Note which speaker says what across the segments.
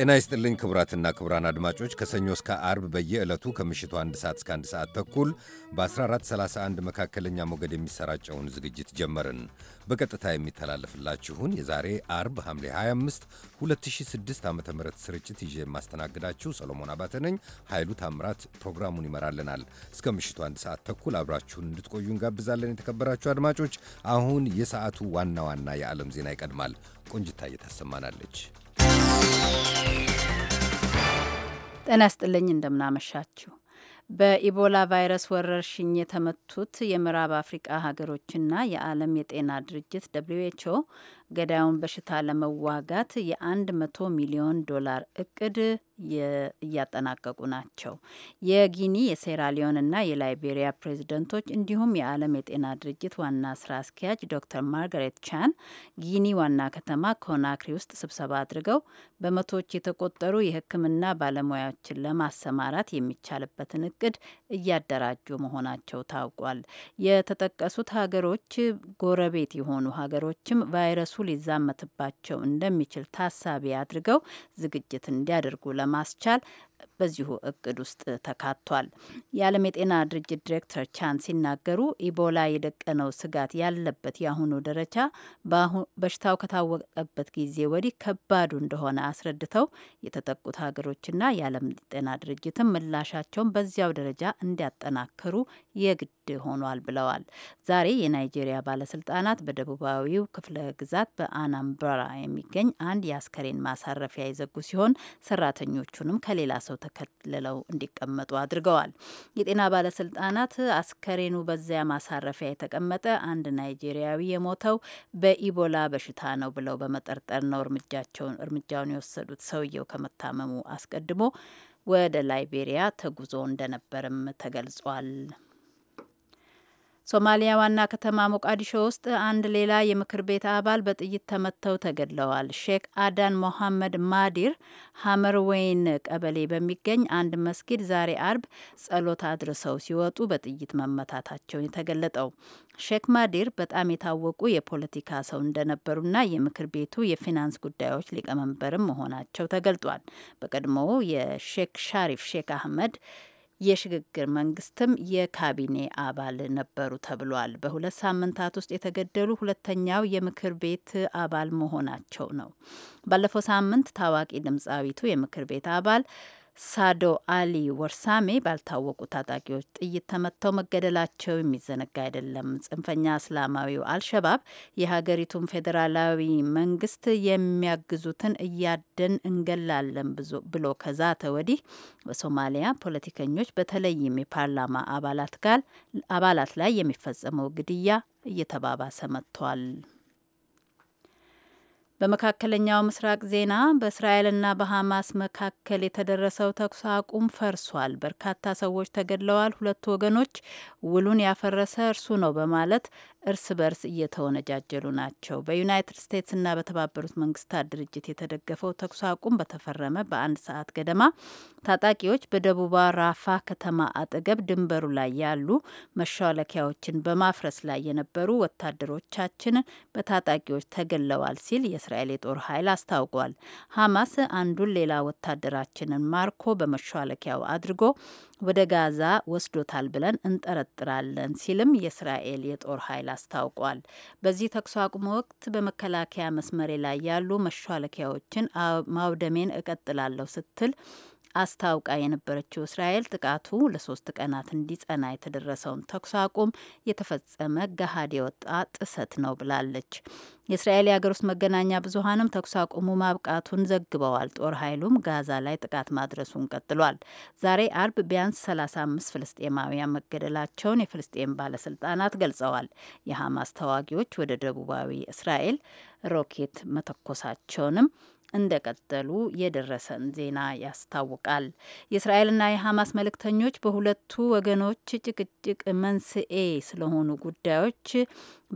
Speaker 1: ጤና ይስጥልኝ ክቡራትና ክቡራን አድማጮች ከሰኞ እስከ አርብ በየዕለቱ ከምሽቱ አንድ ሰዓት እስከ አንድ ሰዓት ተኩል በ1431 መካከለኛ ሞገድ የሚሰራጨውን ዝግጅት ጀመርን። በቀጥታ የሚተላለፍላችሁን የዛሬ አርብ ሐምሌ 25 2006 ዓ ም ስርጭት ይዤ የማስተናግዳችሁ ሰሎሞን አባተ ነኝ። ኃይሉ ታምራት ፕሮግራሙን ይመራልናል። እስከ ምሽቱ አንድ ሰዓት ተኩል አብራችሁን እንድትቆዩ እንጋብዛለን። የተከበራችሁ አድማጮች አሁን የሰዓቱ ዋና ዋና የዓለም ዜና ይቀድማል። ቆንጅታ እየታሰማናለች።
Speaker 2: ጤና ይስጥልኝ። እንደምናመሻችሁ። በኢቦላ ቫይረስ ወረርሽኝ የተመቱት የምዕራብ አፍሪቃ ሀገሮችና የዓለም የጤና ድርጅት ደብሊው ኤችኦ ገዳዩን በሽታ ለመዋጋት የአንድ መቶ ሚሊዮን ዶላር እቅድ እያጠናቀቁ ናቸው። የጊኒ የሴራሊዮን እና የላይቤሪያ ፕሬዝደንቶች እንዲሁም የዓለም የጤና ድርጅት ዋና ስራ አስኪያጅ ዶክተር ማርጋሬት ቻን ጊኒ ዋና ከተማ ኮናክሪ ውስጥ ስብሰባ አድርገው በመቶዎች የተቆጠሩ የሕክምና ባለሙያዎችን ለማሰማራት የሚቻልበትን እቅድ እያደራጁ መሆናቸው ታውቋል። የተጠቀሱት ሀገሮች ጎረቤት የሆኑ ሀገሮችም ቫይረሱ ሊዛመትባቸው እንደሚችል ታሳቢ አድርገው ዝግጅት እንዲያደርጉ ለማስቻል በዚሁ እቅድ ውስጥ ተካቷል። የዓለም የጤና ድርጅት ዲሬክተር ቻን ሲናገሩ ኢቦላ የደቀነው ስጋት ያለበት የአሁኑ ደረጃ በሽታው ከታወቀበት ጊዜ ወዲህ ከባዱ እንደሆነ አስረድተው የተጠቁት ሀገሮችና የዓለም ጤና ድርጅትም ምላሻቸውን በዚያው ደረጃ እንዲያጠናክሩ የግድ ሆኗል ብለዋል። ዛሬ የናይጄሪያ ባለስልጣናት በደቡባዊው ክፍለ ግዛት በአናምብራ የሚገኝ አንድ የአስከሬን ማሳረፊያ የዘጉ ሲሆን ሰራተኞቹንም ከሌላ ሰው ተከልለው እንዲቀመጡ አድርገዋል። የጤና ባለስልጣናት አስከሬኑ በዚያ ማሳረፊያ የተቀመጠ አንድ ናይጄሪያዊ የሞተው በኢቦላ በሽታ ነው ብለው በመጠርጠር ነው እርምጃቸውን እርምጃውን የወሰዱት። ሰውየው ከመታመሙ አስቀድሞ ወደ ላይቤሪያ ተጉዞ እንደነበርም ተገልጿል። ሶማሊያ ዋና ከተማ ሞቃዲሾ ውስጥ አንድ ሌላ የምክር ቤት አባል በጥይት ተመተው ተገድለዋል። ሼክ አዳን ሞሐመድ ማዲር ሀመር ወይን ቀበሌ በሚገኝ አንድ መስጊድ ዛሬ አርብ ጸሎት አድርሰው ሲወጡ በጥይት መመታታቸውን የተገለጠው ሼክ ማዲር በጣም የታወቁ የፖለቲካ ሰው እንደነበሩና የምክር ቤቱ የፊናንስ ጉዳዮች ሊቀመንበርም መሆናቸው ተገልጧል። በቀድሞው የሼክ ሻሪፍ ሼክ አህመድ የሽግግር መንግስትም የካቢኔ አባል ነበሩ ተብሏል። በሁለት ሳምንታት ውስጥ የተገደሉ ሁለተኛው የምክር ቤት አባል መሆናቸው ነው። ባለፈው ሳምንት ታዋቂ ድምፃዊቱ የምክር ቤት አባል ሳዶ አሊ ወርሳሜ ባልታወቁ ታጣቂዎች ጥይት ተመተው መገደላቸው የሚዘነጋ አይደለም። ጽንፈኛ እስላማዊው አልሸባብ የሀገሪቱን ፌዴራላዊ መንግስት የሚያግዙትን እያደን እንገላለን ብሎ ከዛተ ወዲህ በሶማሊያ ፖለቲከኞች በተለይም የፓርላማ አባላት ጋር አባላት ላይ የሚፈጸመው ግድያ እየተባባሰ መጥቷል። በመካከለኛው ምስራቅ ዜና በእስራኤልና በሐማስ መካከል የተደረሰው ተኩስ አቁም ፈርሷል፣ በርካታ ሰዎች ተገድለዋል፣ ሁለቱ ወገኖች ውሉን ያፈረሰ እርሱ ነው በማለት እርስ በርስ እየተወነጃጀሉ ናቸው። በዩናይትድ ስቴትስና በተባበሩት መንግስታት ድርጅት የተደገፈው ተኩስ አቁም በተፈረመ በአንድ ሰዓት ገደማ ታጣቂዎች በደቡባ ራፋ ከተማ አጠገብ ድንበሩ ላይ ያሉ መሿለኪያዎችን በማፍረስ ላይ የነበሩ ወታደሮቻችን በታጣቂዎች ተገለዋል ሲል የእስራኤል የጦር ኃይል አስታውቋል። ሀማስ አንዱን ሌላ ወታደራችንን ማርኮ በመሿለኪያው አድርጎ ወደ ጋዛ ወስዶታል ብለን እንጠረጥራለን ሲልም የእስራኤል የጦር ኃይል አስታውቋል። በዚህ ተኩስ አቁም ወቅት በመከላከያ መስመሬ ላይ ያሉ መሿለኪያዎችን ማውደሜን እቀጥላለሁ ስትል አስታውቃ የነበረችው እስራኤል ጥቃቱ ለሶስት ቀናት እንዲጸና የተደረሰውን ተኩስ አቁም የተፈጸመ ገሀድ የወጣ ጥሰት ነው ብላለች። የእስራኤል የሀገር ውስጥ መገናኛ ብዙሀንም ተኩስ አቁሙ ማብቃቱን ዘግበዋል። ጦር ኃይሉም ጋዛ ላይ ጥቃት ማድረሱን ቀጥሏል። ዛሬ አርብ ቢያንስ 35 ፍልስጤማውያን መገደላቸውን የፍልስጤም ባለስልጣናት ገልጸዋል። የሐማስ ተዋጊዎች ወደ ደቡባዊ እስራኤል ሮኬት መተኮሳቸውንም እንደቀጠሉ የደረሰን ዜና ያስታውቃል። የእስራኤልና የሐማስ መልእክተኞች በሁለቱ ወገኖች ጭቅጭቅ መንስኤ ስለሆኑ ጉዳዮች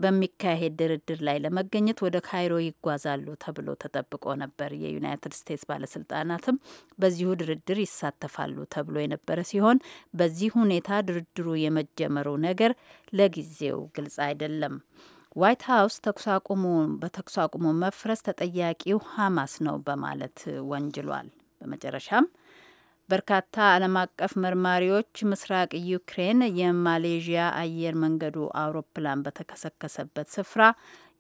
Speaker 2: በሚካሄድ ድርድር ላይ ለመገኘት ወደ ካይሮ ይጓዛሉ ተብሎ ተጠብቆ ነበር። የዩናይትድ ስቴትስ ባለስልጣናትም በዚሁ ድርድር ይሳተፋሉ ተብሎ የነበረ ሲሆን በዚህ ሁኔታ ድርድሩ የመጀመሩ ነገር ለጊዜው ግልጽ አይደለም። ዋይት ሀውስ ተኩስ አቁሙ በተኩስ አቁሙ መፍረስ ተጠያቂው ሀማስ ነው በማለት ወንጅሏል። በመጨረሻም በርካታ ዓለም አቀፍ መርማሪዎች ምስራቅ ዩክሬን የማሌዥያ አየር መንገዱ አውሮፕላን በተከሰከሰበት ስፍራ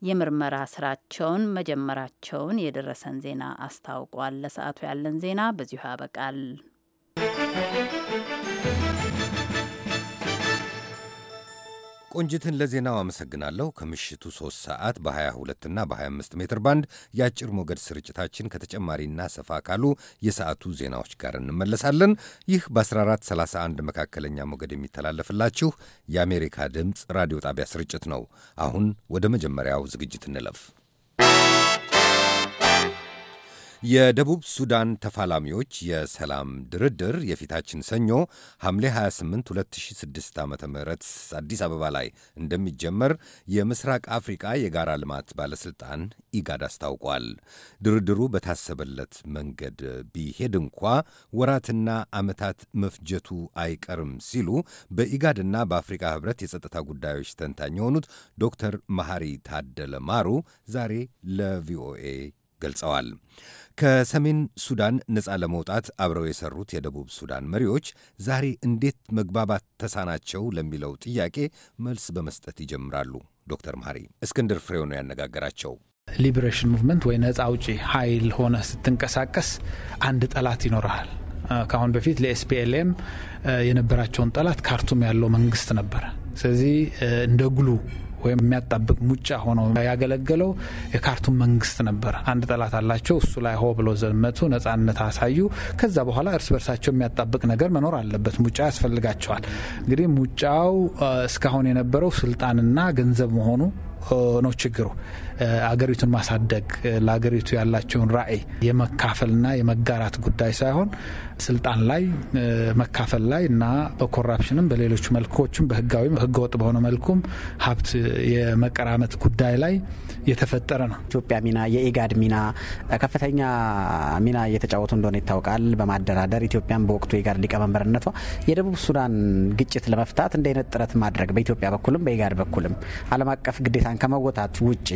Speaker 2: የምርመራ ስራቸውን መጀመራቸውን የደረሰን ዜና አስታውቋል። ለሰዓቱ ያለን ዜና በዚሁ ያበቃል።
Speaker 1: ቆንጅትን ለዜናው አመሰግናለሁ። ከምሽቱ 3 ሰዓት በ22 እና በ25 ሜትር ባንድ የአጭር ሞገድ ስርጭታችን ከተጨማሪና ሰፋ ካሉ የሰዓቱ ዜናዎች ጋር እንመለሳለን። ይህ በ1431 መካከለኛ ሞገድ የሚተላለፍላችሁ የአሜሪካ ድምፅ ራዲዮ ጣቢያ ስርጭት ነው። አሁን ወደ መጀመሪያው ዝግጅት እንለፍ። የደቡብ ሱዳን ተፋላሚዎች የሰላም ድርድር የፊታችን ሰኞ ሐምሌ 28 2006 ዓ ም አዲስ አበባ ላይ እንደሚጀመር የምስራቅ አፍሪቃ የጋራ ልማት ባለሥልጣን ኢጋድ አስታውቋል። ድርድሩ በታሰበለት መንገድ ቢሄድ እንኳ ወራትና ዓመታት መፍጀቱ አይቀርም ሲሉ በኢጋድና በአፍሪካ ህብረት የጸጥታ ጉዳዮች ተንታኝ የሆኑት ዶክተር መሐሪ ታደለ ማሩ ዛሬ ለቪኦኤ ገልጸዋል። ከሰሜን ሱዳን ነፃ ለመውጣት አብረው የሰሩት የደቡብ ሱዳን መሪዎች ዛሬ እንዴት መግባባት ተሳናቸው ለሚለው ጥያቄ መልስ በመስጠት ይጀምራሉ። ዶክተር መሐሪ እስክንድር ፍሬው ነው ያነጋገራቸው።
Speaker 3: ሊበሬሽን ሙቭመንት ወይ ነፃ አውጪ ኃይል ሆነ ስትንቀሳቀስ አንድ ጠላት ይኖረሃል። ከአሁን በፊት ለኤስፒኤልኤም የነበራቸውን ጠላት ካርቱም ያለው መንግስት ነበረ። ስለዚህ እንደ ጉሉ ወይም የሚያጣብቅ ሙጫ ሆኖ ያገለገለው የካርቱም መንግስት ነበር። አንድ ጠላት አላቸው። እሱ ላይ ሆ ብሎ ዘመቱ፣ ነጻነት አሳዩ። ከዛ በኋላ እርስ በርሳቸው የሚያጣብቅ ነገር መኖር አለበት። ሙጫ ያስፈልጋቸዋል። እንግዲህ ሙጫው እስካሁን የነበረው ስልጣንና ገንዘብ መሆኑ ነው ችግሩ። አገሪቱን ማሳደግ ለአገሪቱ ያላቸውን ራዕይ የመካፈልና የመጋራት ጉዳይ ሳይሆን ስልጣን ላይ መካፈል ላይ እና በኮራፕሽንም በሌሎች መልኮችም በህጋዊም ህገወጥ በሆነ መልኩም ሀብት የመቀራመት ጉዳይ ላይ የተፈጠረ ነው። ኢትዮጵያ ሚና የኢጋድ ሚና ከፍተኛ ሚና እየተጫወቱ እንደሆነ ይታወቃል። በማደራደር ኢትዮጵያን በወቅቱ የኢጋድ ሊቀመንበርነቷ የደቡብ ሱዳን ግጭት ለመፍታት እንደ አይነት ጥረት ማድረግ በኢትዮጵያ በኩልም በኢጋድ በኩልም ዓለም አቀፍ ግዴታን ከመወጣት ውጭ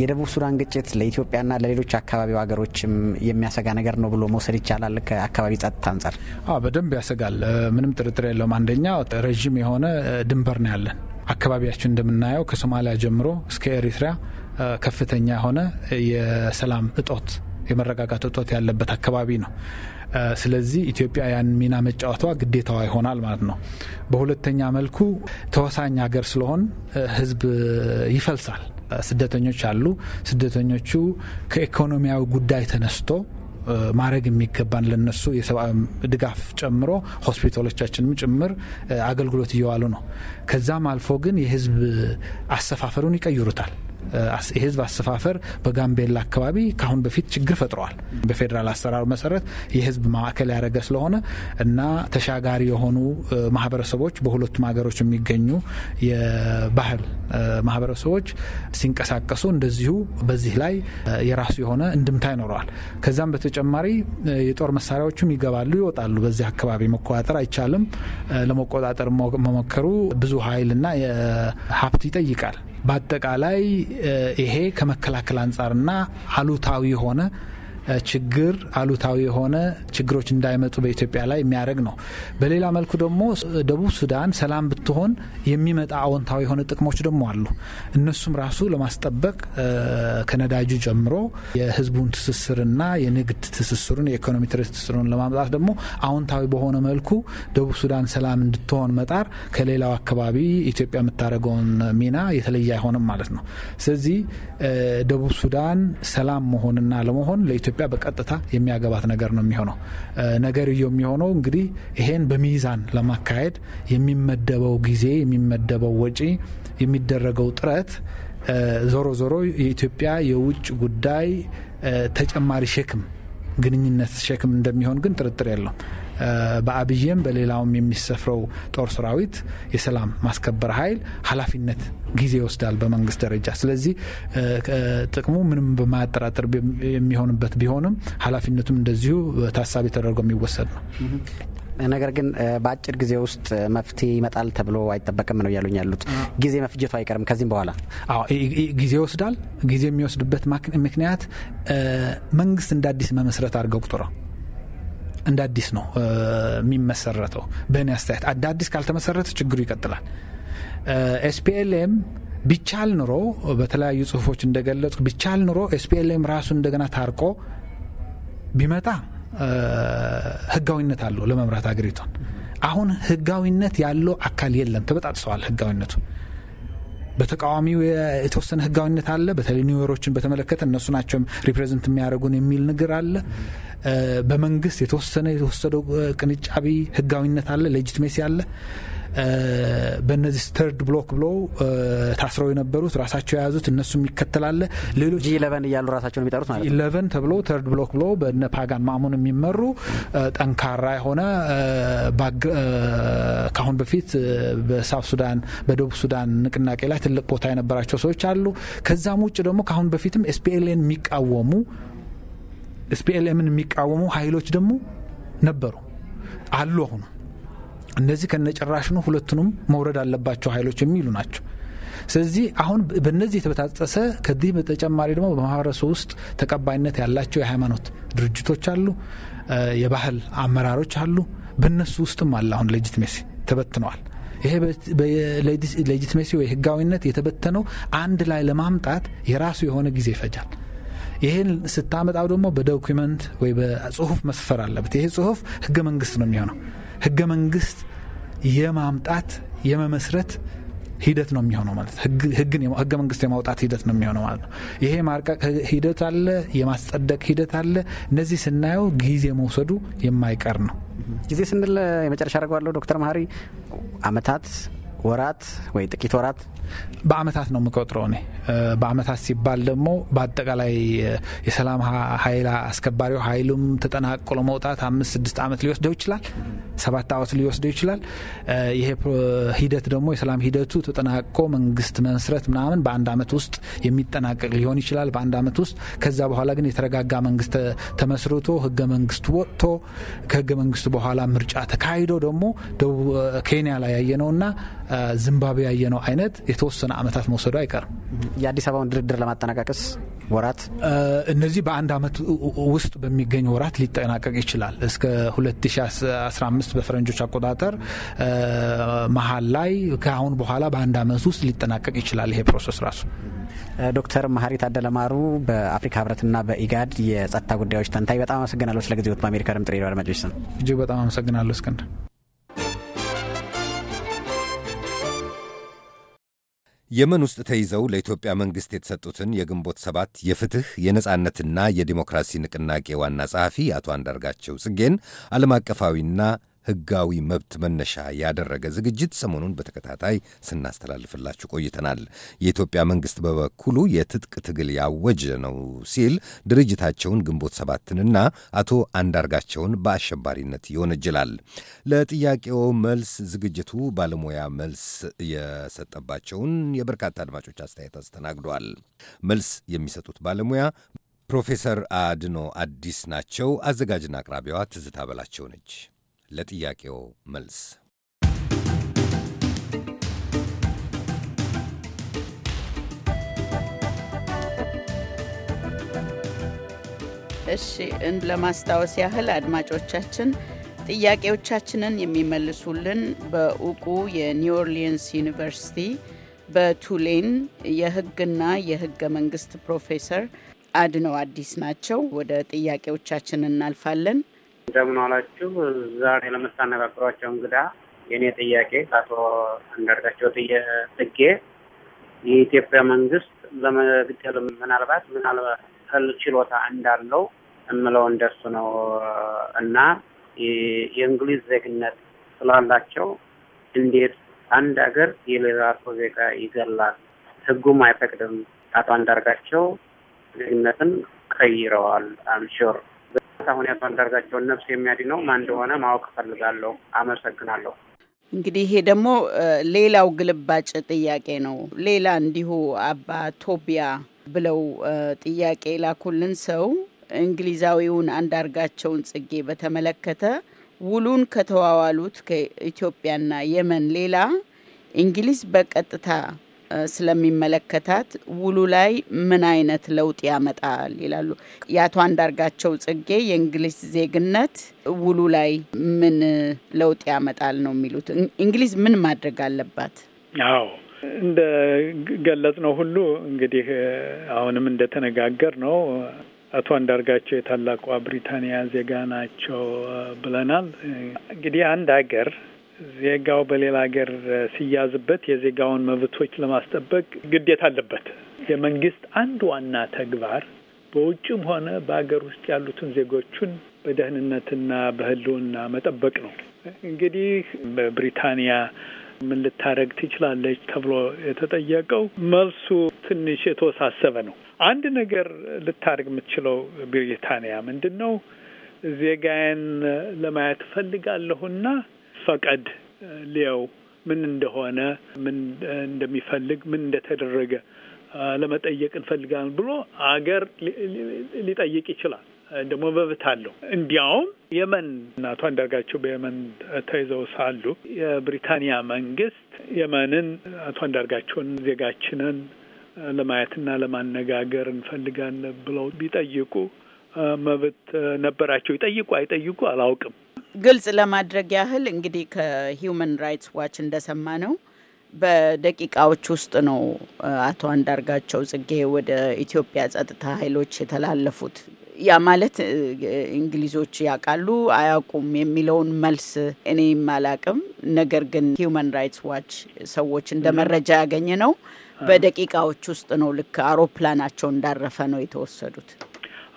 Speaker 3: የደቡብ ሱዳን ግጭት ለኢትዮጵያና ለሌሎች አካባቢው ሀገሮችም የሚያሰጋ ነገር ነው ብሎ መውሰድ ይቻላል። ከአካባቢ ጸጥታ አንጻር በደንብ ያሰጋል። ምንም ጥርጥር የለውም። አንደኛ ረዥም የሆነ ድንበር ነው ያለን አካባቢያችን እንደምናየው ከሶማሊያ ጀምሮ እስከ ኤሪትሪያ ከፍተኛ የሆነ የሰላም እጦት የመረጋጋት እጦት ያለበት አካባቢ ነው። ስለዚህ ኢትዮጵያ ያን ሚና መጫወቷ ግዴታዋ ይሆናል ማለት ነው። በሁለተኛ መልኩ ተወሳኝ ሀገር ስለሆን ህዝብ ይፈልሳል። ስደተኞች አሉ። ስደተኞቹ ከኢኮኖሚያዊ ጉዳይ ተነስቶ ማድረግ የሚገባን ለነሱ የሰብአዊ ድጋፍ ጨምሮ ሆስፒታሎቻችንም ጭምር አገልግሎት እየዋሉ ነው። ከዛም አልፎ ግን የህዝብ አሰፋፈሩን ይቀይሩታል። የህዝብ አሰፋፈር በጋምቤላ አካባቢ ከአሁን በፊት ችግር ፈጥረዋል። በፌዴራል አሰራሩ መሰረት የህዝብ ማዕከል ያደረገ ስለሆነ እና ተሻጋሪ የሆኑ ማህበረሰቦች በሁለቱም ሀገሮች የሚገኙ የባህል ማህበረሰቦች ሲንቀሳቀሱ እንደዚሁ በዚህ ላይ የራሱ የሆነ እንድምታ ይኖረዋል። ከዛም በተጨማሪ የጦር መሳሪያዎችም ይገባሉ፣ ይወጣሉ። በዚህ አካባቢ መቆጣጠር አይቻልም። ለመቆጣጠር መሞከሩ ብዙ ኃይልና ሀብት ይጠይቃል። በአጠቃላይ ይሄ ከመከላከል አንጻርና አሉታዊ የሆነ ችግር አሉታዊ የሆነ ችግሮች እንዳይመጡ በኢትዮጵያ ላይ የሚያደርግ ነው። በሌላ መልኩ ደግሞ ደቡብ ሱዳን ሰላም ብትሆን የሚመጣ አዎንታዊ የሆነ ጥቅሞች ደግሞ አሉ። እነሱም ራሱ ለማስጠበቅ ከነዳጁ ጀምሮ የህዝቡን ትስስርና የንግድ ትስስሩን የኢኮኖሚ ትስስሩን ለማምጣት ደግሞ አዎንታዊ በሆነ መልኩ ደቡብ ሱዳን ሰላም እንድትሆን መጣር ከሌላው አካባቢ ኢትዮጵያ የምታደርገውን ሚና የተለየ አይሆንም ማለት ነው። ስለዚህ ደቡብ ሱዳን ሰላም መሆንና ለመሆን ለኢትዮጵያ ኢትዮጵያ በቀጥታ የሚያገባት ነገር ነው የሚሆነው። ነገርየው የሚሆነው እንግዲህ ይሄን በሚዛን ለማካሄድ የሚመደበው ጊዜ፣ የሚመደበው ወጪ፣ የሚደረገው ጥረት ዞሮ ዞሮ የኢትዮጵያ የውጭ ጉዳይ ተጨማሪ ሸክም ግንኙነት ሸክም እንደሚሆን ግን ጥርጥር የለውም። በአብዬም በሌላውም የሚሰፍረው ጦር ሰራዊት የሰላም ማስከበር ኃይል ኃላፊነት ጊዜ ይወስዳል በመንግስት ደረጃ። ስለዚህ ጥቅሙ ምንም በማያጠራጥር የሚሆንበት ቢሆንም ኃላፊነቱም እንደዚሁ ታሳቢ ተደርጎ የሚወሰድ ነው። ነገር ግን በአጭር ጊዜ ውስጥ መፍትሄ ይመጣል ተብሎ አይጠበቅም ነው እያሉኝ ያሉት። ጊዜ መፍጀቱ አይቀርም ከዚህም በኋላ ጊዜ ይወስዳል። ጊዜ የሚወስድበት ምክንያት መንግስት እንደ አዲስ መመስረት አድርገው ቁጥረው እንደ አዲስ ነው የሚመሰረተው። በእኔ አስተያየት እንደ አዲስ ካልተመሰረተ ችግሩ ይቀጥላል። ኤስፒኤልኤም ቢቻል ኑሮ በተለያዩ ጽሁፎች እንደገለጽኩ ቢቻል ኑሮ ኤስፒኤልኤም ራሱ እንደገና ታርቆ ቢመጣ ህጋዊነት አለው ለመምራት አገሪቷን። አሁን ህጋዊነት ያለው አካል የለም፣ ተበጣጥሰዋል ህጋዊነቱ። በተቃዋሚው የተወሰነ ህጋዊነት አለ። በተለይ ኒውዮሮችን በተመለከተ እነሱ ናቸውም ሪፕሬዘንት የሚያደርጉን የሚል ንግር አለ። በመንግስት የተወሰነ የተወሰደው ቅንጫቢ ህጋዊነት አለ፣ ሌጂትሜሲ አለ። በእነዚህ ተርድ ብሎክ ብለው ታስረው የነበሩት ራሳቸው የያዙት እነሱ ይከተላለ ሌሎች ኢለቨን እያሉ ራሳቸውን የሚጠሩት ማለት ነው። ኢለቨን ተብለው ተርድ ብሎክ ብሎ በነ ፓጋን ማሙን የሚመሩ ጠንካራ የሆነ ከአሁን በፊት በሳብ ሱዳን በደቡብ ሱዳን ንቅናቄ ላይ ትልቅ ቦታ የነበራቸው ሰዎች አሉ። ከዛም ውጭ ደግሞ ከአሁን በፊትም ኤስፒኤልኤን የሚቃወሙ ኤስፒኤልኤምን የሚቃወሙ ሀይሎች ደግሞ ነበሩ አሉ አሁኑም እነዚህ ከነጭራሽኑ ሁለቱንም መውረድ አለባቸው ኃይሎች የሚሉ ናቸው። ስለዚህ አሁን በእነዚህ የተበታጠሰ ከዚህ በተጨማሪ ደግሞ በማህበረሰቡ ውስጥ ተቀባይነት ያላቸው የሃይማኖት ድርጅቶች አሉ፣ የባህል አመራሮች አሉ። በእነሱ ውስጥም አለ አሁን ሌጂትሜሲ ተበትነዋል። ይሄ ሌጂትሜሲ ወይ ህጋዊነት የተበተነው አንድ ላይ ለማምጣት የራሱ የሆነ ጊዜ ይፈጃል። ይህን ስታመጣው ደግሞ በዶኪመንት ወይ በጽሁፍ መስፈር አለበት። ይሄ ጽሁፍ ህገ መንግስት ነው የሚሆነው ህገ መንግስት የማምጣት የመመስረት ሂደት ነው የሚሆነው ማለት ህገ መንግስት የማውጣት ሂደት ነው የሚሆነው ማለት ነው። ይሄ ማርቀቅ ሂደት አለ፣ የማስጸደቅ ሂደት አለ። እነዚህ ስናየው ጊዜ መውሰዱ የማይቀር ነው። ጊዜ ስንል የመጨረሻ አድርገዋለሁ ዶክተር መሀሪ አመታት ወራት ወይ ጥቂት ወራት በአመታት ነው የምቆጥረው እኔ። በአመታት ሲባል ደግሞ በአጠቃላይ የሰላም ኃይል አስከባሪው ኃይሉም ተጠናቅሎ መውጣት አምስት ስድስት አመት ሊወስደው ይችላል። ሰባት አወት ሊወስደው ይችላል። ይሄ ሂደት ደግሞ የሰላም ሂደቱ ተጠናቆ መንግስት መስረት ምናምን በአንድ አመት ውስጥ የሚጠናቀቅ ሊሆን ይችላል። በአንድ አመት ውስጥ ከዛ በኋላ ግን የተረጋጋ መንግስት ተመስርቶ ህገ መንግስቱ ወጥቶ ከህገ መንግስቱ በኋላ ምርጫ ተካሂዶ ደግሞ ደቡብ ኬንያ ላይ ያየነውና ዚምባብዌ ያየነው አይነት የተወሰነ አመታት መውሰዱ አይቀርም። የአዲስ አበባውን ድርድር ለማጠናቀቅስ ወራት እነዚህ በአንድ አመት ውስጥ በሚገኝ ወራት ሊጠናቀቅ ይችላል። እስከ 2015 በፈረንጆች አቆጣጠር መሀል ላይ ከአሁን በኋላ በአንድ አመት ውስጥ ሊጠናቀቅ ይችላል ይሄ ፕሮሰስ ራሱ። ዶክተር መሀሪ ታደለማሩ በአፍሪካ ህብረትና በኢጋድ የጸጥታ ጉዳዮች ተንታኝ፣ በጣም አመሰግናለሁ ስለ ጊዜዎት። በአሜሪካ ድምጽ ሬዲዮ አድማጮች ስም እጅግ በጣም አመሰግናለሁ እስክንድር።
Speaker 1: የመን ውስጥ ተይዘው ለኢትዮጵያ መንግሥት የተሰጡትን የግንቦት ሰባት የፍትሕ የነጻነትና የዲሞክራሲ ንቅናቄ ዋና ጸሐፊ አቶ አንዳርጋቸው ጽጌን ዓለም አቀፋዊና ሕጋዊ መብት መነሻ ያደረገ ዝግጅት ሰሞኑን በተከታታይ ስናስተላልፍላችሁ ቆይተናል። የኢትዮጵያ መንግሥት በበኩሉ የትጥቅ ትግል ያወጀ ነው ሲል ድርጅታቸውን ግንቦት ሰባትንና አቶ አንዳርጋቸውን በአሸባሪነት ይወነጅላል። ለጥያቄው መልስ ዝግጅቱ ባለሙያ መልስ የሰጠባቸውን የበርካታ አድማጮች አስተያየት አስተናግዷል። መልስ የሚሰጡት ባለሙያ ፕሮፌሰር አድኖ አዲስ ናቸው። አዘጋጅና አቅራቢዋ ትዝታ በላቸው ነች። ለጥያቄው መልስ
Speaker 4: እሺ ለማስታወስ ያህል አድማጮቻችን ጥያቄዎቻችንን የሚመልሱልን በእውቁ የኒው ኦርሊንስ ዩኒቨርሲቲ በቱሌን የህግና የህገ መንግስት ፕሮፌሰር አድነው አዲስ ናቸው። ወደ ጥያቄዎቻችን እናልፋለን።
Speaker 3: እንደምን ዋላችሁ። ዛሬ ለምታነጋግሯቸው እንግዳ የእኔ ጥያቄ አቶ አንዳርጋቸው ጥጌ
Speaker 4: የኢትዮጵያ መንግስት
Speaker 3: ለመግደል ምናልባት ምናልባት ህል ችሎታ እንዳለው እምለው እንደሱ ነው እና የእንግሊዝ ዜግነት ስላላቸው እንዴት አንድ ሀገር የሌላ ሰው ዜጋ ይገላል? ህጉም አይፈቅድም። አቶ አንዳርጋቸው ዜግነትን ቀይረዋል። አምሹር አሁን ያቶ አንዳርጋቸውን ነፍስ የሚያድነው ማን እንደሆነ ማወቅ እፈልጋለሁ። አመሰግናለሁ።
Speaker 4: እንግዲህ ይሄ ደግሞ ሌላው ግልባጭ ጥያቄ ነው። ሌላ እንዲሁ አባ ቶቢያ ብለው ጥያቄ ላኩልን ሰው እንግሊዛዊውን አንዳርጋቸውን ጽጌ በተመለከተ ውሉን ከተዋዋሉት ከኢትዮጵያና የመን ሌላ እንግሊዝ በቀጥታ ስለሚመለከታት ውሉ ላይ ምን አይነት ለውጥ ያመጣል ይላሉ። የአቶ አንዳርጋቸው ጽጌ የእንግሊዝ ዜግነት ውሉ ላይ ምን ለውጥ ያመጣል ነው የሚሉት። እንግሊዝ ምን ማድረግ አለባት?
Speaker 5: አዎ እንደ ገለጽ ነው ሁሉ እንግዲህ አሁንም እንደተነጋገር ነው አቶ አንዳርጋቸው የታላቋ ብሪታንያ ዜጋ ናቸው ብለናል። እንግዲህ አንድ ሀገር ዜጋው በሌላ ሀገር ሲያዝበት የዜጋውን መብቶች ለማስጠበቅ ግዴታ አለበት። የመንግስት አንድ ዋና ተግባር በውጭም ሆነ በሀገር ውስጥ ያሉትን ዜጎቹን በደህንነትና በህልውና መጠበቅ ነው። እንግዲህ በብሪታንያ ምን ልታደረግ ትችላለች ተብሎ የተጠየቀው መልሱ ትንሽ የተወሳሰበ ነው። አንድ ነገር ልታደርግ የምትችለው ብሪታንያ ምንድን ነው? ዜጋዬን ለማየት እፈልጋለሁና ፈቀድ ሊያው ምን እንደሆነ ምን እንደሚፈልግ ምን እንደተደረገ ለመጠየቅ እንፈልጋለን ብሎ አገር ሊጠይቅ ይችላል። ደግሞ መብት አለው። እንዲያውም የመን እናቱ አንዳርጋቸው በየመን ተይዘው ሳሉ የብሪታንያ መንግስት የመንን አቶ አንዳርጋቸውን ዜጋችንን ለማየትና ለማነጋገር እንፈልጋለን ብለው ቢጠይቁ መብት ነበራቸው። ይጠይቁ አይጠይቁ አላውቅም።
Speaker 4: ግልጽ ለማድረግ ያህል እንግዲህ ከሂውማን ራይትስ ዋች እንደሰማ ነው በደቂቃዎች ውስጥ ነው አቶ አንዳርጋቸው ጽጌ ወደ ኢትዮጵያ ጸጥታ ኃይሎች የተላለፉት። ያ ማለት እንግሊዞች ያውቃሉ አያውቁም የሚለውን መልስ እኔም አላቅም። ነገር ግን ሂውማን ራይትስ ዋች ሰዎች እንደ መረጃ ያገኘ ነው በደቂቃዎች ውስጥ ነው ልክ አውሮፕላናቸው እንዳረፈ ነው የተወሰዱት።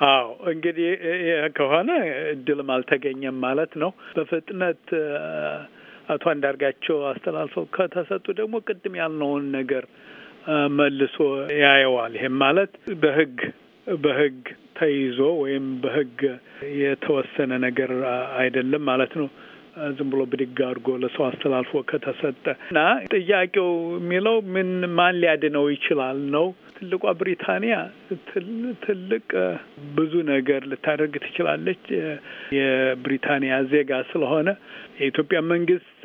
Speaker 5: አዎ እንግዲህ ከሆነ እድልም አልተገኘም ማለት ነው። በፍጥነት አቶ አንዳርጋቸው አስተላልፈው ከተሰጡ ደግሞ ቅድም ያልነውን ነገር መልሶ ያየዋል። ይህም ማለት በህግ በህግ ተይዞ ወይም በህግ የተወሰነ ነገር አይደለም ማለት ነው። ዝም ብሎ ብድግ አድርጎ ለሰው አስተላልፎ ከተሰጠ እና ጥያቄው የሚለው ምን ማን ሊያድነው ይችላል ነው። ትልቋ ብሪታንያ ትልቅ ብዙ ነገር ልታደርግ ትችላለች። የብሪታንያ ዜጋ ስለሆነ የኢትዮጵያ መንግስት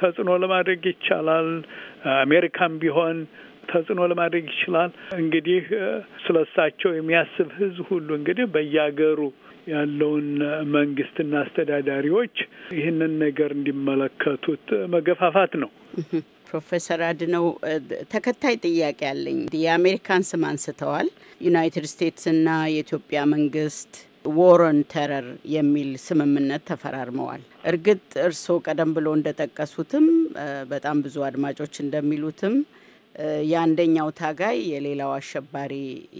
Speaker 5: ተጽዕኖ ለማድረግ ይቻላል። አሜሪካም ቢሆን ተጽዕኖ ለማድረግ ይችላል። እንግዲህ ስለሳቸው የሚያስብ ህዝብ ሁሉ እንግዲህ በየሀገሩ ያለውን መንግስትና አስተዳዳሪዎች ይህንን ነገር እንዲመለከቱት መገፋፋት ነው።
Speaker 4: ፕሮፌሰር አድነው ተከታይ ጥያቄ አለኝ። የአሜሪካን ስም አንስተዋል። ዩናይትድ ስቴትስና የኢትዮጵያ መንግስት ዎረን ተረር የሚል ስምምነት ተፈራርመዋል። እርግጥ እርስዎ ቀደም ብሎ እንደጠቀሱትም በጣም ብዙ አድማጮች እንደሚሉትም የአንደኛው ታጋይ የሌላው አሸባሪ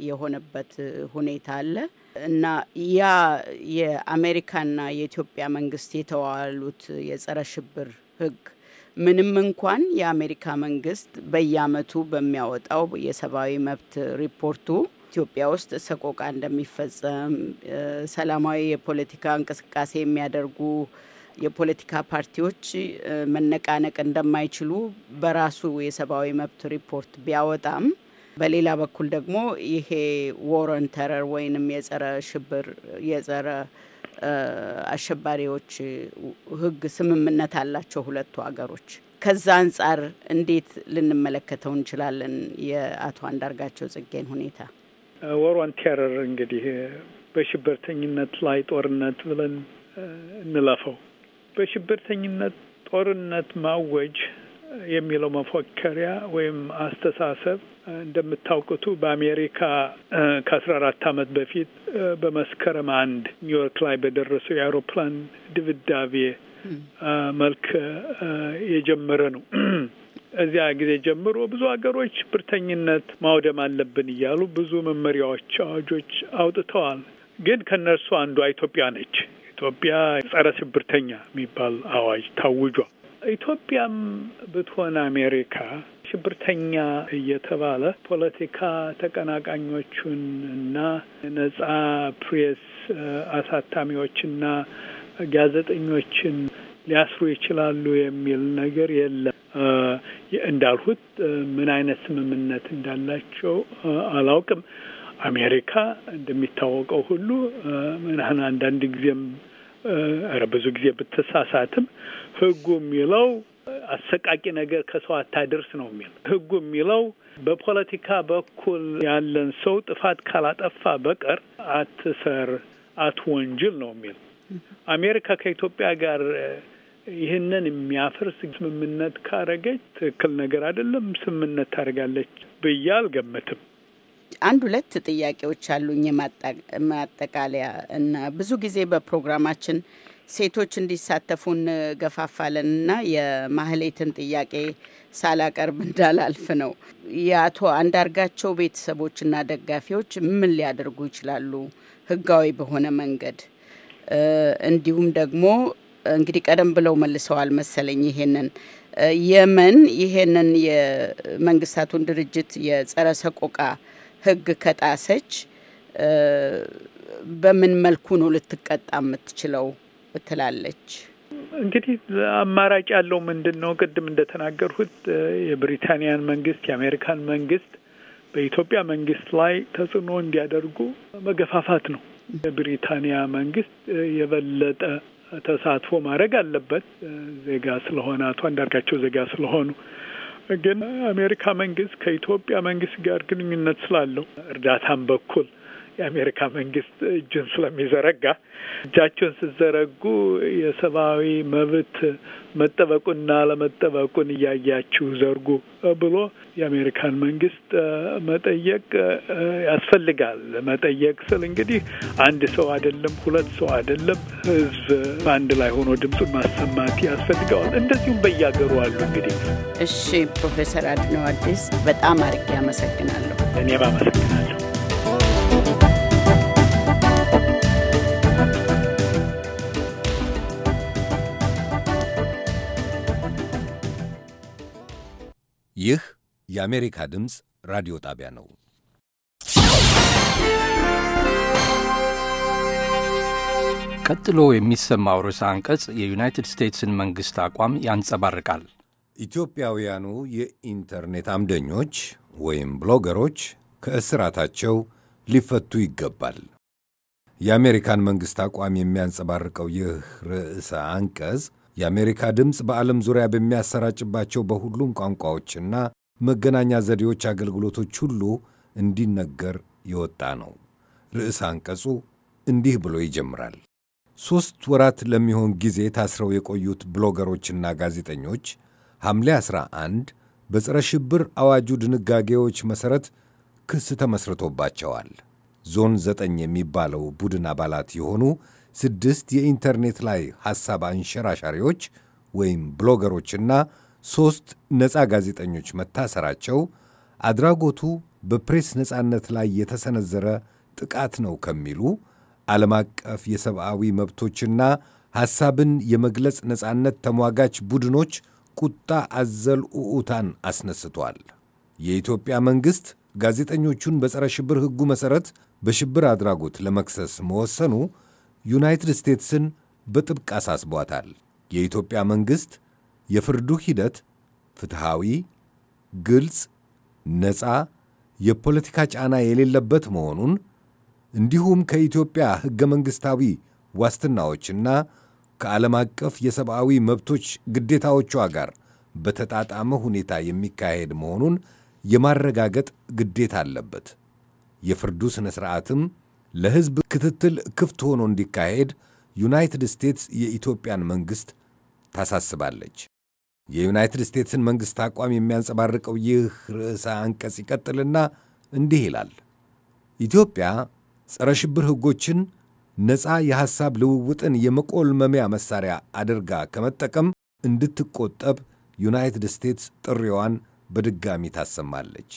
Speaker 4: የሆነበት ሁኔታ አለ። እና ያ የአሜሪካና የኢትዮጵያ መንግስት የተዋሉት የጸረ ሽብር ህግ ምንም እንኳን የአሜሪካ መንግስት በየአመቱ በሚያወጣው የሰብአዊ መብት ሪፖርቱ ኢትዮጵያ ውስጥ ሰቆቃ እንደሚፈጸም ሰላማዊ የፖለቲካ እንቅስቃሴ የሚያደርጉ የፖለቲካ ፓርቲዎች መነቃነቅ እንደማይችሉ በራሱ የሰብአዊ መብት ሪፖርት ቢያወጣም በሌላ በኩል ደግሞ ይሄ ወረን ተረር ወይንም የጸረ ሽብር የጸረ አሸባሪዎች ህግ ስምምነት አላቸው ሁለቱ ሀገሮች። ከዛ አንጻር እንዴት ልንመለከተው እንችላለን? የአቶ አንዳርጋቸው ጽጌን ሁኔታ
Speaker 5: ወሮን ቴረር እንግዲህ በሽብርተኝነት ላይ ጦርነት ብለን እንለፈው። በሽብርተኝነት ጦርነት ማወጅ የሚለው መፎከሪያ ወይም አስተሳሰብ እንደምታውቁቱ በአሜሪካ ከአስራ አራት አመት በፊት በመስከረም አንድ ኒውዮርክ ላይ በደረሰው የአውሮፕላን ድብዳቤ መልክ የጀመረ ነው። እዚያ ጊዜ ጀምሮ ብዙ ሀገሮች ብርተኝነት ማውደም አለብን እያሉ ብዙ መመሪያዎች፣ አዋጆች አውጥተዋል። ግን ከእነርሱ አንዷ ኢትዮጵያ ነች። ኢትዮጵያ ጸረ ሽብርተኛ የሚባል አዋጅ ታውጇል። ኢትዮጵያም ብትሆን አሜሪካ ሽብርተኛ እየተባለ ፖለቲካ ተቀናቃኞቹን እና ነጻ ፕሬስ አሳታሚዎችና ጋዜጠኞችን ሊያስሩ ይችላሉ የሚል ነገር የለም። እንዳልሁት ምን አይነት ስምምነት እንዳላቸው አላውቅም። አሜሪካ እንደሚታወቀው ሁሉ ምናህን አንዳንድ ጊዜም ኧረ ብዙ ጊዜ ብትሳሳትም ህጉ የሚለው አሰቃቂ ነገር ከሰው አታድርስ ነው የሚል ህጉ የሚለው በፖለቲካ በኩል ያለን ሰው ጥፋት ካላጠፋ በቀር አትሰር፣ አትወንጅል ነው የሚል አሜሪካ ከኢትዮጵያ ጋር ይህንን የሚያፈርስ ስምምነት ካረገች ትክክል ነገር አይደለም። ስምምነት ታደርጋለች ብዬ አልገምትም።
Speaker 4: አንድ ሁለት ጥያቄዎች አሉኝ ማጠቃለያ እና ብዙ ጊዜ በፕሮግራማችን ሴቶች እንዲሳተፉ እንገፋፋለን እና የማህሌትን ጥያቄ ሳላቀርብ እንዳላልፍ ነው። የአቶ አንዳርጋቸው ቤተሰቦችና ደጋፊዎች ምን ሊያደርጉ ይችላሉ? ህጋዊ በሆነ መንገድ እንዲሁም ደግሞ እንግዲህ ቀደም ብለው መልሰዋል መሰለኝ ይሄንን የመን ይሄንን የመንግስታቱን ድርጅት የጸረ ሰቆቃ ህግ ከጣሰች በምን መልኩ ነው ልትቀጣ የምትችለው? ትላለች። እንግዲህ
Speaker 5: አማራጭ ያለው ምንድን ነው? ቅድም እንደተናገርሁት የብሪታንያን መንግስት፣ የአሜሪካን መንግስት በኢትዮጵያ መንግስት ላይ ተጽዕኖ እንዲያደርጉ መገፋፋት ነው። የብሪታንያ መንግስት የበለጠ ተሳትፎ ማድረግ አለበት። ዜጋ ስለሆነ አቶ አንዳርጋቸው ዜጋ ስለሆኑ ግን አሜሪካ መንግስት ከኢትዮጵያ መንግስት ጋር ግንኙነት ስላለው እርዳታም በኩል የአሜሪካ መንግስት እጁን ስለሚዘረጋ እጃቸውን ስዘረጉ የሰብአዊ መብት መጠበቁና ለመጠበቁን እያያችሁ ዘርጉ ብሎ የአሜሪካን መንግስት መጠየቅ ያስፈልጋል። መጠየቅ ስል እንግዲህ አንድ ሰው አይደለም፣ ሁለት ሰው አይደለም፣ ህዝብ አንድ ላይ ሆኖ ድምፁን ማሰማት ያስፈልገዋል። እንደዚሁም በያገሩ አሉ።
Speaker 4: እንግዲህ እሺ፣ ፕሮፌሰር አድነው አዲስ በጣም አድርጌ አመሰግናለሁ። እኔም አመሰግናለሁ።
Speaker 1: የአሜሪካ ድምፅ ራዲዮ ጣቢያ ነው።
Speaker 2: ቀጥሎ የሚሰማው ርዕሰ አንቀጽ የዩናይትድ ስቴትስን መንግሥት አቋም ያንጸባርቃል።
Speaker 1: ኢትዮጵያውያኑ የኢንተርኔት አምደኞች ወይም ብሎገሮች ከእስራታቸው ሊፈቱ ይገባል። የአሜሪካን መንግሥት አቋም የሚያንጸባርቀው ይህ ርዕሰ አንቀጽ የአሜሪካ ድምፅ በዓለም ዙሪያ በሚያሰራጭባቸው በሁሉም ቋንቋዎችና መገናኛ ዘዴዎች አገልግሎቶች ሁሉ እንዲነገር የወጣ ነው። ርዕስ አንቀጹ እንዲህ ብሎ ይጀምራል። ሦስት ወራት ለሚሆን ጊዜ ታስረው የቆዩት ብሎገሮችና ጋዜጠኞች ሐምሌ 11 በጸረ ሽብር አዋጁ ድንጋጌዎች መሠረት ክስ ተመስርቶባቸዋል። ዞን ዘጠኝ የሚባለው ቡድን አባላት የሆኑ ስድስት የኢንተርኔት ላይ ሐሳብ አንሸራሻሪዎች ወይም ብሎገሮችና ሦስት ነፃ ጋዜጠኞች መታሰራቸው አድራጎቱ በፕሬስ ነፃነት ላይ የተሰነዘረ ጥቃት ነው ከሚሉ ዓለም አቀፍ የሰብአዊ መብቶችና ሐሳብን የመግለጽ ነፃነት ተሟጋች ቡድኖች ቁጣ አዘል ኡኡታን አስነስቷል። የኢትዮጵያ መንግሥት ጋዜጠኞቹን በጸረ ሽብር ሕጉ መሠረት በሽብር አድራጎት ለመክሰስ መወሰኑ ዩናይትድ ስቴትስን በጥብቅ አሳስቧታል። የኢትዮጵያ መንግሥት የፍርዱ ሂደት ፍትሐዊ፣ ግልጽ፣ ነፃ፣ የፖለቲካ ጫና የሌለበት መሆኑን እንዲሁም ከኢትዮጵያ ሕገ መንግሥታዊ ዋስትናዎችና ከዓለም አቀፍ የሰብአዊ መብቶች ግዴታዎቿ ጋር በተጣጣመ ሁኔታ የሚካሄድ መሆኑን የማረጋገጥ ግዴታ አለበት። የፍርዱ ሥነ ሥርዓትም ለሕዝብ ክትትል ክፍት ሆኖ እንዲካሄድ ዩናይትድ ስቴትስ የኢትዮጵያን መንግሥት ታሳስባለች። የዩናይትድ ስቴትስን መንግሥት አቋም የሚያንጸባርቀው ይህ ርዕሰ አንቀጽ ይቀጥልና እንዲህ ይላል። ኢትዮጵያ ጸረ ሽብር ሕጎችን ነፃ የሐሳብ ልውውጥን የመቆልመሚያ መሣሪያ አድርጋ ከመጠቀም እንድትቆጠብ ዩናይትድ ስቴትስ ጥሪዋን በድጋሚ ታሰማለች።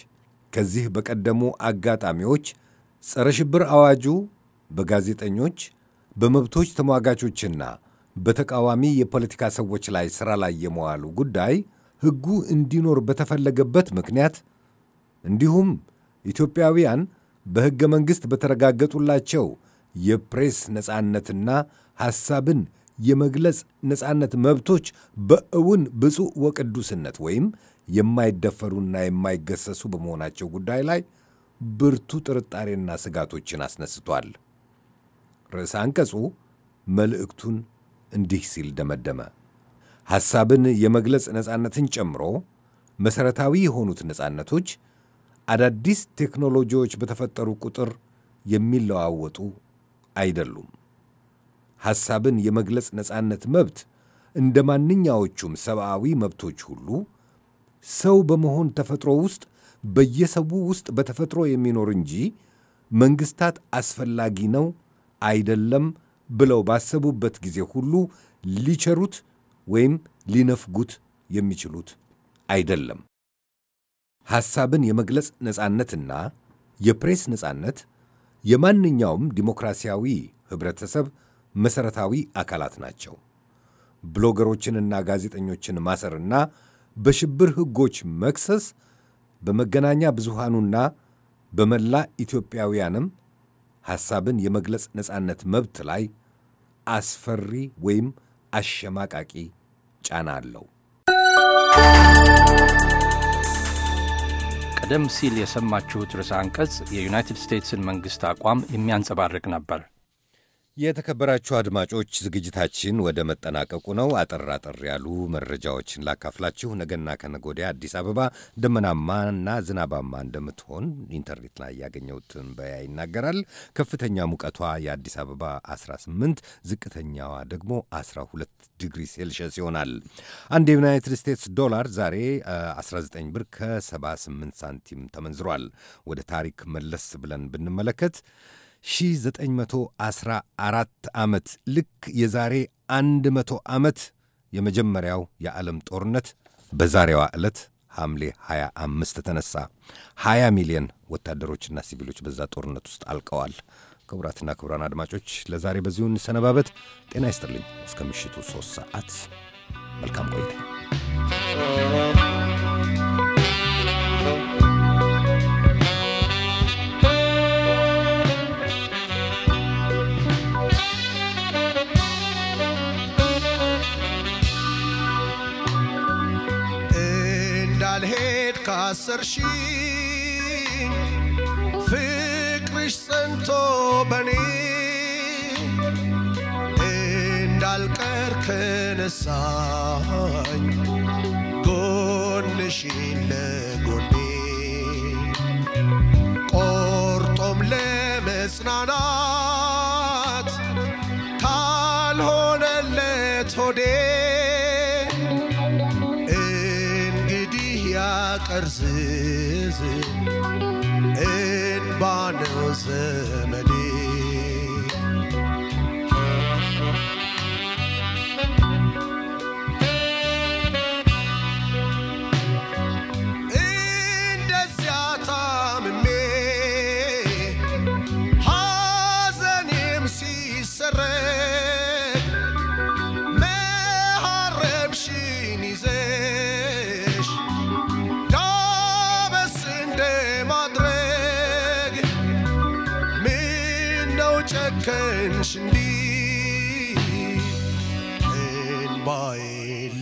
Speaker 1: ከዚህ በቀደሙ አጋጣሚዎች ጸረ ሽብር አዋጁ በጋዜጠኞች በመብቶች ተሟጋቾችና በተቃዋሚ የፖለቲካ ሰዎች ላይ ሥራ ላይ የመዋሉ ጉዳይ ሕጉ እንዲኖር በተፈለገበት ምክንያት እንዲሁም ኢትዮጵያውያን በሕገ መንግሥት በተረጋገጡላቸው የፕሬስ ነጻነትና ሐሳብን የመግለጽ ነጻነት መብቶች በእውን ብፁዕ ወቅዱስነት ወይም የማይደፈሩና የማይገሰሱ በመሆናቸው ጉዳይ ላይ ብርቱ ጥርጣሬና ስጋቶችን አስነስቷል። ርዕሰ አንቀጹ መልእክቱን እንዲህ ሲል ደመደመ። ሐሳብን የመግለጽ ነፃነትን ጨምሮ መሠረታዊ የሆኑት ነፃነቶች አዳዲስ ቴክኖሎጂዎች በተፈጠሩ ቁጥር የሚለዋወጡ አይደሉም። ሐሳብን የመግለጽ ነፃነት መብት እንደ ማንኛዎቹም ሰብአዊ መብቶች ሁሉ ሰው በመሆን ተፈጥሮ ውስጥ በየሰቡ ውስጥ በተፈጥሮ የሚኖር እንጂ መንግሥታት አስፈላጊ ነው አይደለም ብለው ባሰቡበት ጊዜ ሁሉ ሊቸሩት ወይም ሊነፍጉት የሚችሉት አይደለም። ሐሳብን የመግለጽ ነጻነትና የፕሬስ ነጻነት የማንኛውም ዲሞክራሲያዊ ኅብረተሰብ መሠረታዊ አካላት ናቸው። ብሎገሮችንና ጋዜጠኞችን ማሰርና በሽብር ሕጎች መክሰስ በመገናኛ ብዙሃኑና በመላ ኢትዮጵያውያንም ሐሳብን የመግለጽ ነፃነት መብት ላይ አስፈሪ ወይም አሸማቃቂ ጫና አለው። ቀደም ሲል የሰማችሁት ርዕሰ አንቀጽ የዩናይትድ ስቴትስን መንግሥት አቋም የሚያንጸባርቅ ነበር። የተከበራችሁ አድማጮች ዝግጅታችን ወደ መጠናቀቁ ነው። አጠር አጠር ያሉ መረጃዎችን ላካፍላችሁ። ነገና ከነጎዲያ አዲስ አበባ ደመናማና ዝናባማ እንደምትሆን ኢንተርኔት ላይ ያገኘው ትንበያ ይናገራል። ከፍተኛ ሙቀቷ የአዲስ አበባ 18፣ ዝቅተኛዋ ደግሞ 12 ዲግሪ ሴልሽስ ይሆናል። አንድ የዩናይትድ ስቴትስ ዶላር ዛሬ 19 ብር ከ78 ሳንቲም ተመንዝሯል። ወደ ታሪክ መለስ ብለን ብንመለከት 1914 ዓመት ልክ የዛሬ 100 ዓመት የመጀመሪያው የዓለም ጦርነት በዛሬዋ ዕለት ሐምሌ 25 ተነሳ። 20 ሚሊዮን ወታደሮችና ሲቪሎች በዛ ጦርነት ውስጥ አልቀዋል። ክቡራትና ክቡራን አድማጮች ለዛሬ በዚሁ እንሰነባበት። ጤና ይስጥልኝ። እስከ ምሽቱ 3 ሰዓት መልካም ቆይታ።
Speaker 6: ካሰርሽኝ ፍቅርሽ ጸንቶ በኔ እንዳልቀር ከነሳኝ Buenos Aires.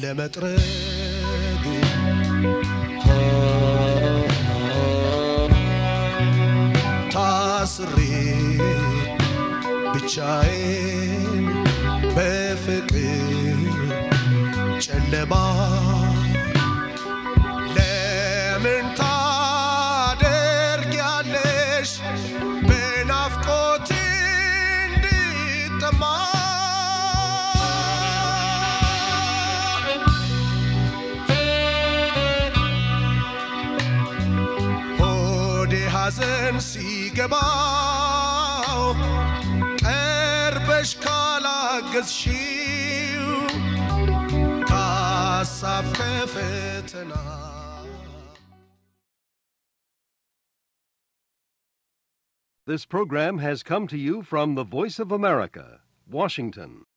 Speaker 6: ለመጥረግ ታስሬ ብቻዬን በፍቅር ጨለማ ሐዘን ሲገባው ቀርበሽ ካላገዝሽው ከፈተና
Speaker 1: This program has come to you from the Voice of America, Washington.